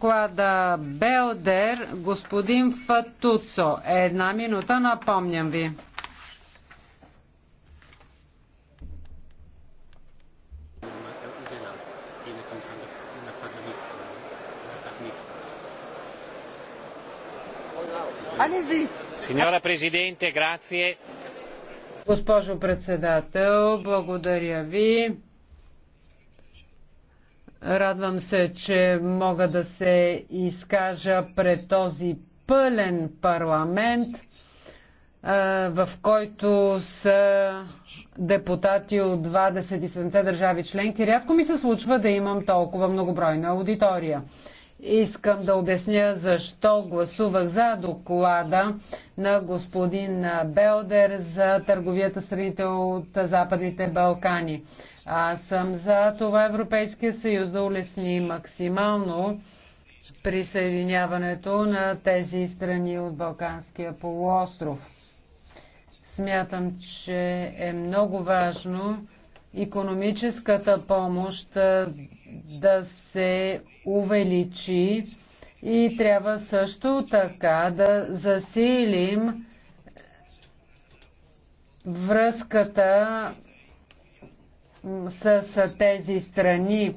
доклада Белдер, господин Фатуцо. Една минута, напомням ви. Signora Presidente, grazie. Госпожо председател, благодаря ви. Радвам се, че мога да се изкажа пред този пълен парламент, в който са депутати от 27-те държави членки. Рядко ми се случва да имам толкова многобройна аудитория. Искам да обясня защо гласувах за доклада на господин Белдер за търговията страните от Западните Балкани. Аз съм за това Европейския съюз да улесни максимално присъединяването на тези страни от Балканския полуостров. Смятам, че е много важно економическата помощ да се увеличи и трябва също така да засилим връзката с тези страни.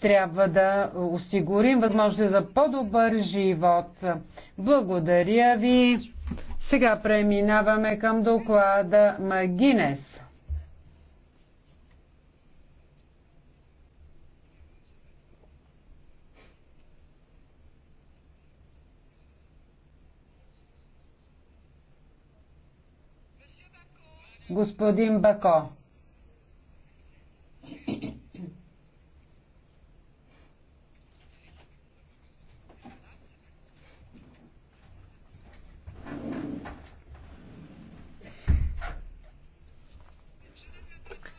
Трябва да осигурим възможност за по-добър живот. Благодаря ви. Сега преминаваме към доклада Магинес. Господин Бако.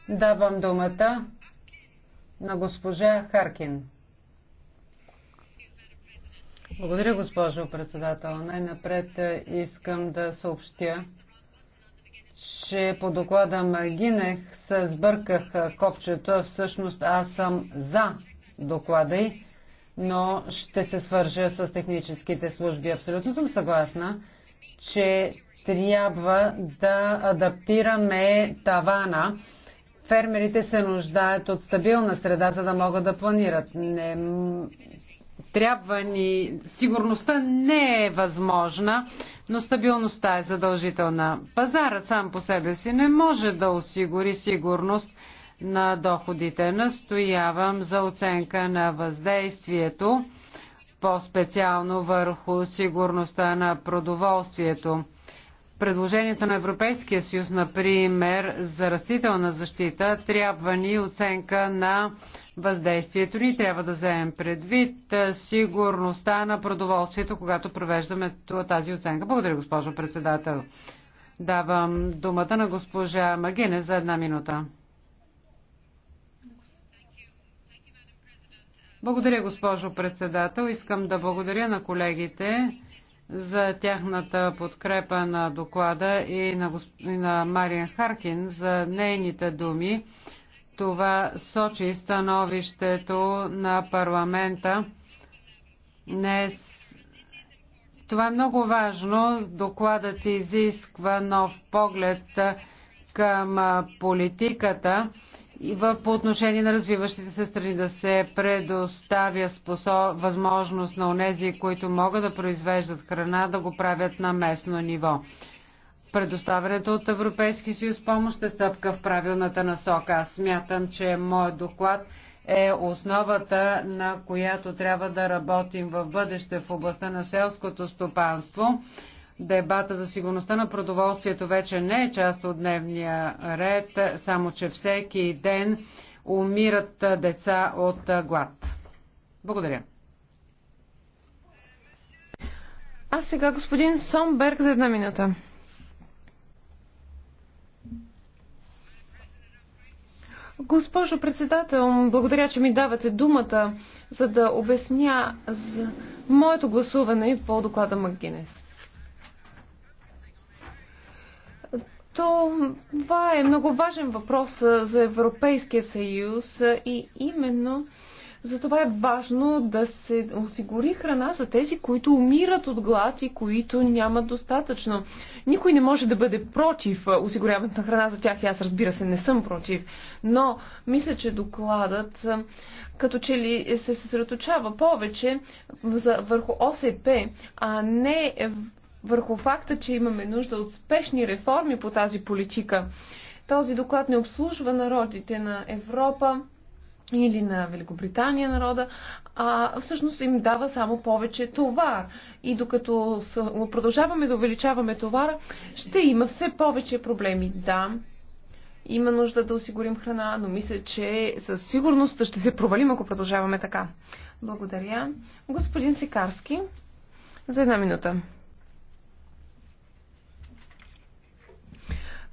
Давам думата на госпожа Харкин. Благодаря, госпожо председател. Най-напред е, искам да съобщя, че по доклада Магинех се сбърках копчето. Всъщност аз съм за доклада й, но ще се свържа с техническите служби. Абсолютно съм съгласна, че трябва да адаптираме тавана. Фермерите се нуждаят от стабилна среда, за да могат да планират. Не... Трябва ни... Сигурността не е възможна, но стабилността е задължителна. Пазарът сам по себе си не може да осигури сигурност на доходите. Настоявам за оценка на въздействието, по-специално върху сигурността на продоволствието. Предложението на Европейския съюз, например, за растителна защита, трябва ни оценка на въздействието ни. Трябва да вземем предвид сигурността на продоволствието, когато провеждаме тази оценка. Благодаря, госпожо председател. Давам думата на госпожа Магине за една минута. Благодаря, госпожо председател. Искам да благодаря на колегите за тяхната подкрепа на доклада и на, госп... и на Мариан Харкин за нейните думи. Това сочи становището на парламента. Днес това е много важно. Докладът изисква нов поглед към политиката и в, по отношение на развиващите се страни да се предоставя способ, възможност на онези, които могат да произвеждат храна, да го правят на местно ниво. Предоставянето от Европейски съюз помощ е стъпка в правилната насока. Аз смятам, че моят доклад е основата, на която трябва да работим в бъдеще в областта на селското стопанство. Дебата за сигурността на продоволствието вече не е част от дневния ред, само че всеки ден умират деца от глад. Благодаря. А сега господин Сомберг за една минута. Госпожо председател, благодаря, че ми давате думата, за да обясня за моето гласуване по доклада Макгинес. Това е много важен въпрос за Европейския съюз и именно затова е важно да се осигури храна за тези, които умират от глад и които нямат достатъчно. Никой не може да бъде против осигуряването на храна за тях и аз разбира се не съм против. Но мисля, че докладът като че ли се съсредоточава повече върху ОСП, а не върху факта, че имаме нужда от спешни реформи по тази политика. Този доклад не обслужва народите на Европа или на Великобритания народа, а всъщност им дава само повече товар. И докато продължаваме да увеличаваме товара, ще има все повече проблеми. Да, има нужда да осигурим храна, но мисля, че със сигурност ще се провалим, ако продължаваме така. Благодаря. Господин Секарски, за една минута.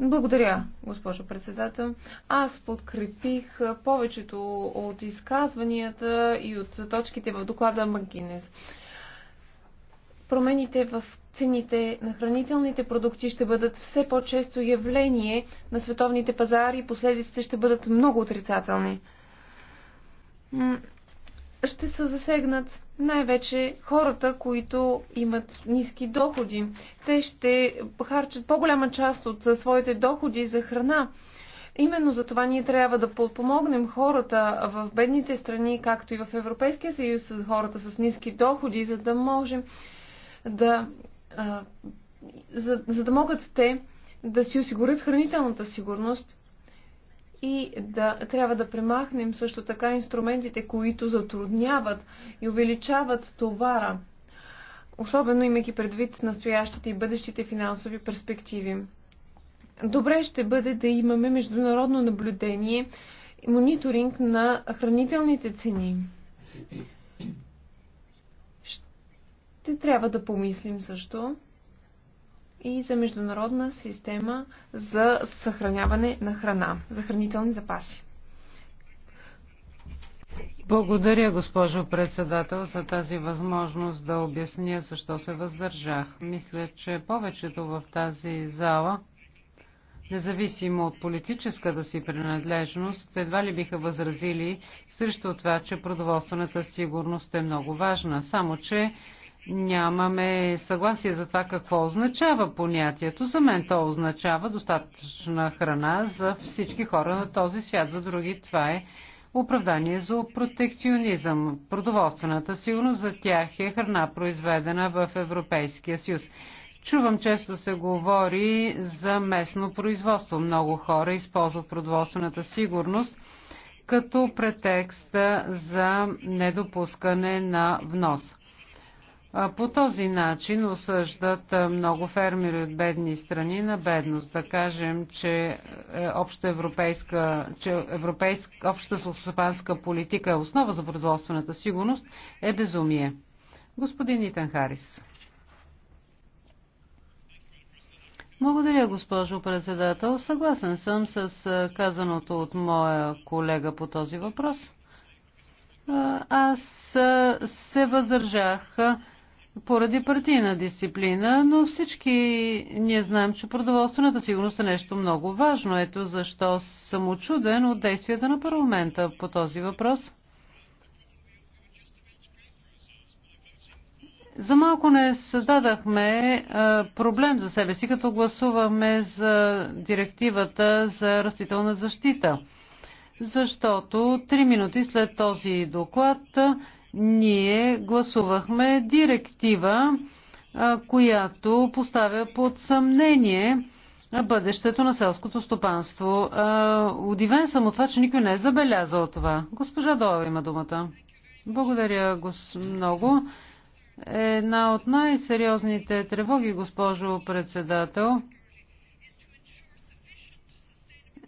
Благодаря, госпожо председател. Аз подкрепих повечето от изказванията и от точките в доклада Магинес. Промените в цените на хранителните продукти ще бъдат все по-често явление на световните пазари и последиците ще бъдат много отрицателни ще са засегнат най-вече хората, които имат ниски доходи. Те ще харчат по-голяма част от своите доходи за храна. Именно за това ние трябва да подпомогнем хората в бедните страни, както и в Европейския съюз, с хората с ниски доходи, за да можем да. за, за да могат те да си осигурят хранителната сигурност и да трябва да премахнем също така инструментите, които затрудняват и увеличават товара, особено имайки предвид настоящите и бъдещите финансови перспективи. Добре ще бъде да имаме международно наблюдение и мониторинг на хранителните цени. Ще трябва да помислим също и за международна система за съхраняване на храна, за хранителни запаси. Благодаря, госпожо председател, за тази възможност да обясня защо се въздържах. Мисля, че повечето в тази зала, независимо от политическата си принадлежност, едва ли биха възразили срещу това, че продоволствената сигурност е много важна. Само, че нямаме съгласие за това какво означава понятието. За мен то означава достатъчна храна за всички хора на този свят. За други това е оправдание за протекционизъм. Продоволствената сигурност за тях е храна, произведена в Европейския съюз. Чувам често се говори за местно производство. Много хора използват продоволствената сигурност като претекста за недопускане на внос. По този начин осъждат много фермери от бедни страни на бедност. Да кажем, че е, обща европейска, че европейска обща слухопанска политика е основа за продоволствената сигурност, е безумие. Господин Итан Харис. Благодаря, госпожо председател. Съгласен съм с казаното от моя колега по този въпрос. Аз се въздържах поради партийна дисциплина, но всички ние знаем, че продоволствената сигурност е нещо много важно. Ето защо съм очуден от действията на парламента по този въпрос. За малко не създадахме проблем за себе си, като гласуваме за директивата за растителна защита. Защото три минути след този доклад ние гласувахме директива, която поставя под съмнение бъдещето на селското стопанство. Удивен съм от това, че никой не е забелязал това. Госпожа Дова има думата. Благодаря гос... много. Една от най-сериозните тревоги, госпожо председател,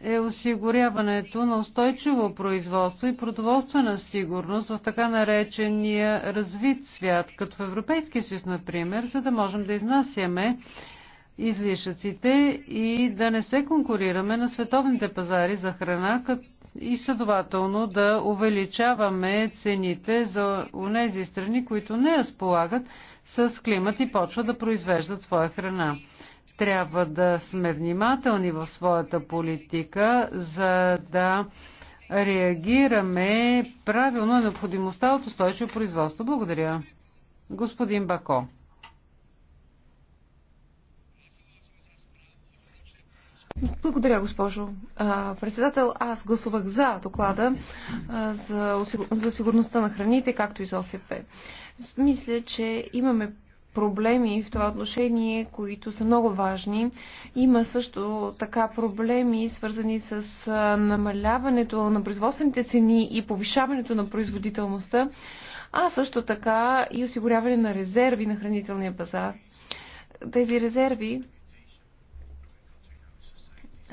е осигуряването на устойчиво производство и продоволствена сигурност в така наречения развит свят, като в Европейския съюз, например, за да можем да изнасяме излишъците и да не се конкурираме на световните пазари за храна и следователно да увеличаваме цените за унези страни, които не разполагат с климат и почва да произвеждат своя храна. Трябва да сме внимателни в своята политика, за да реагираме правилно на необходимостта от устойчиво производство. Благодаря. Господин Бако. Благодаря, госпожо председател. Аз гласувах за доклада за, за сигурността на храните, както и за ОСП. Мисля, че имаме проблеми в това отношение, които са много важни. Има също така проблеми, свързани с намаляването на производствените цени и повишаването на производителността, а също така и осигуряване на резерви на хранителния пазар. Тези резерви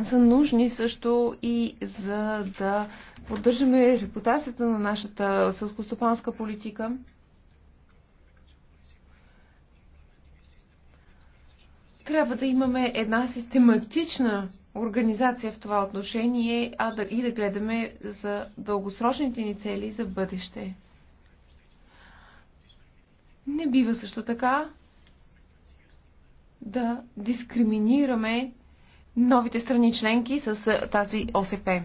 са нужни също и за да поддържаме репутацията на нашата селскостопанска политика – Трябва да имаме една систематична организация в това отношение а да, и да гледаме за дългосрочните ни цели за бъдеще. Не бива също така да дискриминираме новите страни членки с тази ОСП.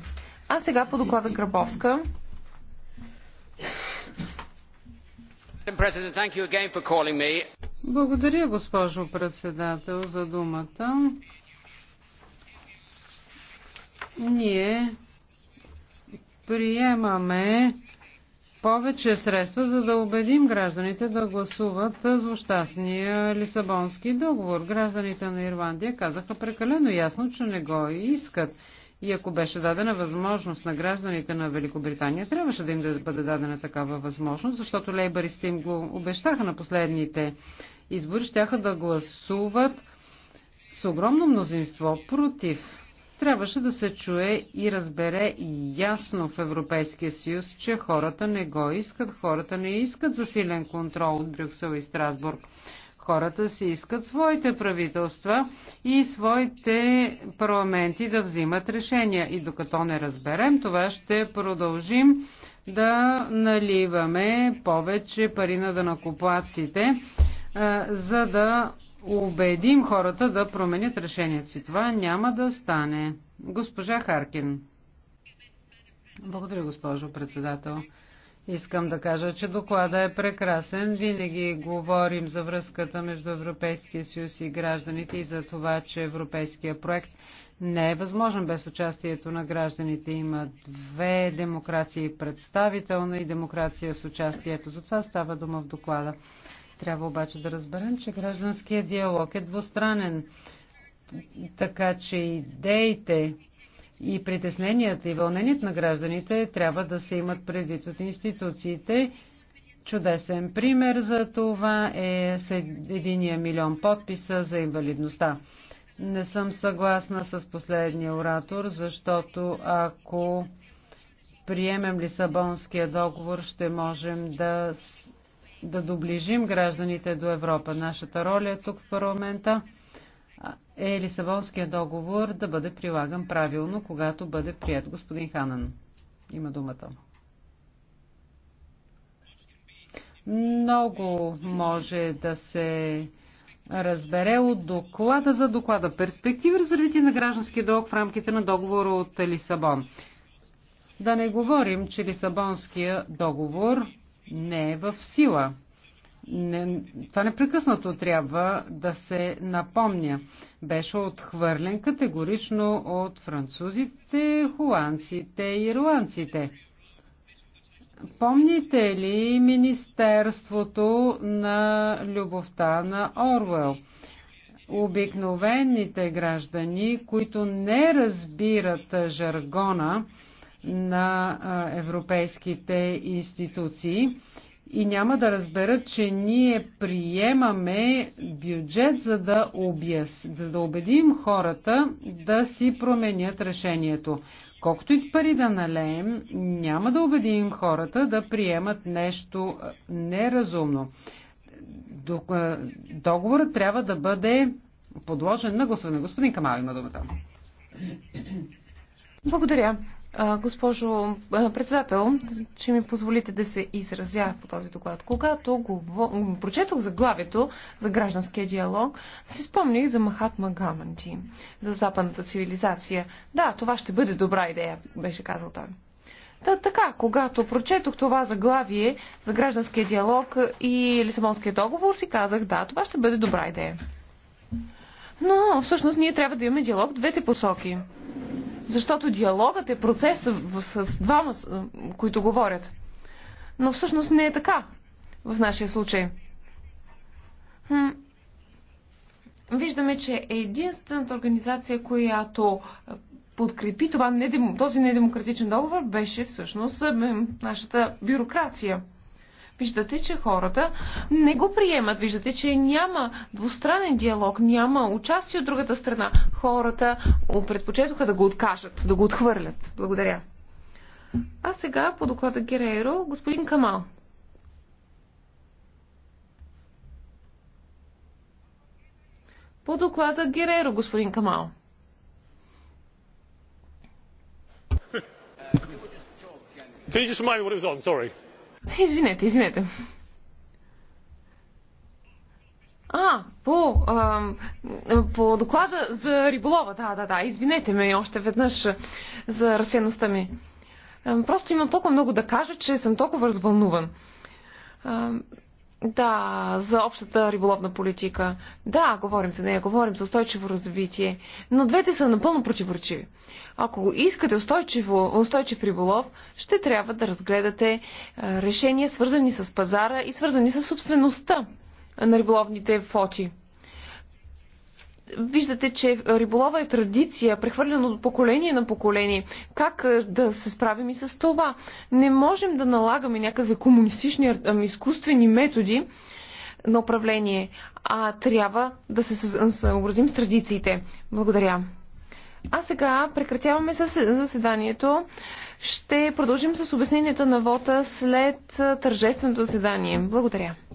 А сега по доклада Грабовска. President, thank you again for calling me. Благодаря, госпожо председател, за думата. Ние приемаме повече средства, за да убедим гражданите да гласуват злощастния Лисабонски договор. Гражданите на Ирландия казаха прекалено ясно, че не го искат. И ако беше дадена възможност на гражданите на Великобритания, трябваше да им да бъде дадена такава възможност, защото лейбаристите им го обещаха на последните избори, щяха да гласуват с огромно мнозинство против. Трябваше да се чуе и разбере ясно в Европейския съюз, че хората не го искат, хората не искат засилен контрол от Брюксел и Страсбург. Хората си искат своите правителства и своите парламенти да взимат решения. И докато не разберем това, ще продължим да наливаме повече пари на данакоплаците, за да убедим хората да променят решението си. Това няма да стане. Госпожа Харкин. Благодаря, госпожо председател. Искам да кажа, че доклада е прекрасен. Винаги говорим за връзката между Европейския съюз и гражданите и за това, че европейския проект не е възможен без участието на гражданите. Има две демокрации представителна и демокрация с участието. Затова става дума в доклада. Трябва обаче да разберем, че гражданският диалог е двустранен. Така че идеите, и притесненията и вълненият на гражданите трябва да се имат предвид от институциите. Чудесен пример за това е с единия милион подписа за инвалидността. Не съм съгласна с последния оратор, защото ако приемем Лисабонския договор, ще можем да, да доближим гражданите до Европа. Нашата роля е тук в парламента е Лисабонския договор да бъде прилаган правилно, когато бъде прият. Господин Ханан има думата. Много може да се разбере от доклада за доклада перспективи развитие на гражданския дълг в рамките на договора от Лисабон. Да не говорим, че Лисабонския договор не е в сила не, това непрекъснато трябва да се напомня. Беше отхвърлен категорично от французите, холандците и ирландците. Помните ли Министерството на любовта на Орвел? Обикновените граждани, които не разбират жаргона на европейските институции, и няма да разберат, че ние приемаме бюджет, за да, обяс, за да убедим хората да си променят решението. Колкото и пари да налеем, няма да убедим хората да приемат нещо неразумно. Договорът трябва да бъде подложен на гласуване. Господин Камал има думата. Благодаря. Госпожо председател, че ми позволите да се изразя по този доклад. Когато го прочетох заглавието за гражданския диалог, си спомних за Махатма Гаманти, за западната цивилизация. Да, това ще бъде добра идея, беше казал той. Та, така, когато прочетох това заглавие за гражданския диалог и Лисабонския договор, си казах, да, това ще бъде добра идея. Но всъщност ние трябва да имаме диалог в двете посоки. Защото диалогът е процес с двама, които говорят. Но всъщност не е така в нашия случай. Виждаме, че е единствената организация, която подкрепи това, този недемократичен договор, беше всъщност нашата бюрокрация. Виждате, че хората не го приемат. Виждате, че няма двустранен диалог, няма участие от другата страна. Хората предпочетоха да го откажат, да го отхвърлят. Благодаря. А сега по доклада Герейро, господин Камал. По доклада Гереро, господин Камал. Can you just remind me what it was on? Sorry. Извинете, извинете. А, по, а, по доклада за риболова, да, да, да. Извинете ме още веднъж за разсеността ми. Просто имам толкова много да кажа, че съм толкова развълнуван. Да, за общата риболовна политика. Да, говорим за нея, говорим за устойчиво развитие, но двете са напълно противоречиви. Ако искате устойчиво, устойчив риболов, ще трябва да разгледате е, решения, свързани с пазара и свързани с собствеността на риболовните флоти виждате, че риболова е традиция, прехвърлена от поколение на поколение. Как да се справим и с това? Не можем да налагаме някакви комунистични ами, изкуствени методи на управление, а трябва да се съобразим с традициите. Благодаря. А сега прекратяваме заседанието. Ще продължим с обясненията на вота след тържественото заседание. Благодаря.